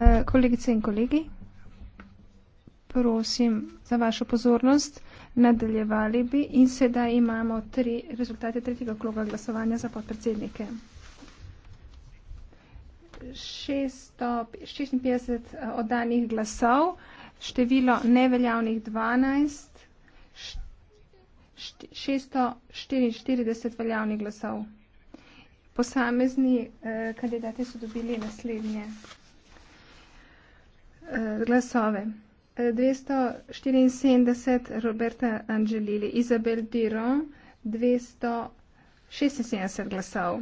Eh, kolegice in kolegi, prosim za vašo pozornost. Nadaljevali bi in sedaj imamo tri rezultate tretjega kloga glasovanja za podpredsednike. 656 eh, oddanih glasov, število neveljavnih 12, 644 veljavnih glasov. Posamezni eh, kandidati so dobili naslednje. Eh, glasove. 274 eh, Roberta Angelili, Izabel Diron 276 glasov.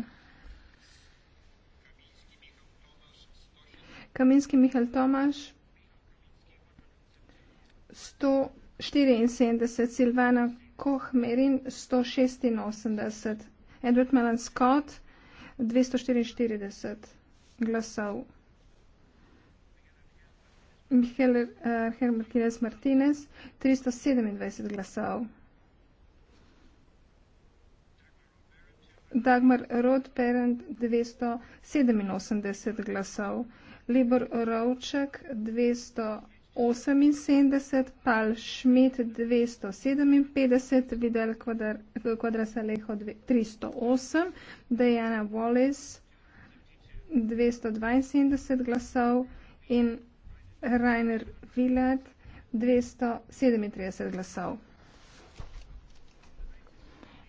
Kaminski Mihael Tomaš 174, Silvana Kohmerin 186, Edward Mellon Scott 244 glasov. Mihael uh, Martinez Martinez 327 glasov. Dagmar Rod Perent 287 glasov. Libor Rovček 278, Pal Schmidt 257, Videl Kvadras kvadra Alejo 308, Diana Wallace 272 glasov in Rainer Willet 237 glasov.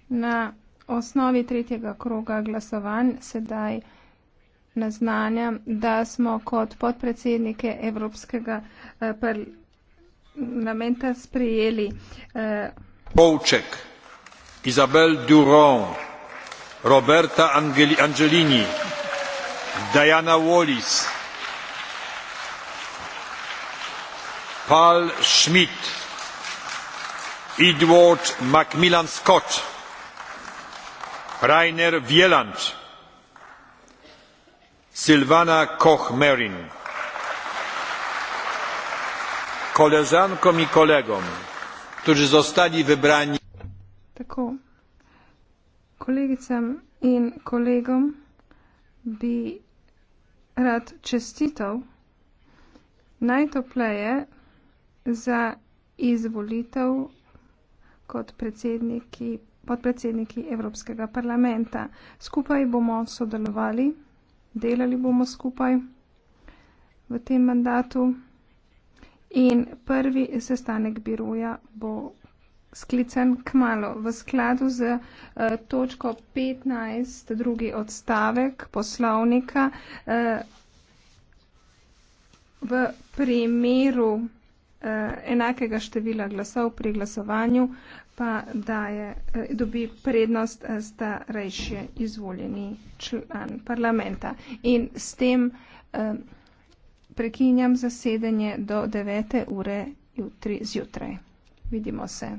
Na osnovi tretjega kroga glasovanj sedaj naznanjam, da smo kot podpredsednike Evropskega eh, parlamenta sprejeli eh, Pouček, Izabel Duron, Roberta Angelini, Diana Wallis, paul schmidt edward mcmillan scott rainer wieland silvana koch merin koleżankom i kolegom którzy zostali wybrani tako kolegicam in kolegom bi rad čestitov najtopleje za izvolitev kot predsedniki, podpredsedniki Evropskega parlamenta. Skupaj bomo sodelovali, delali bomo skupaj v tem mandatu in prvi sestanek biroja bo sklican k malo v skladu z uh, točko 15, drugi odstavek poslovnika uh, v primeru Eh, enakega števila glasov pri glasovanju, pa daje, eh, dobi prednost eh, starejši izvoljeni član parlamenta. In s tem prekinjam zasedanje do 9. ure jutri zjutraj. Vidimo se.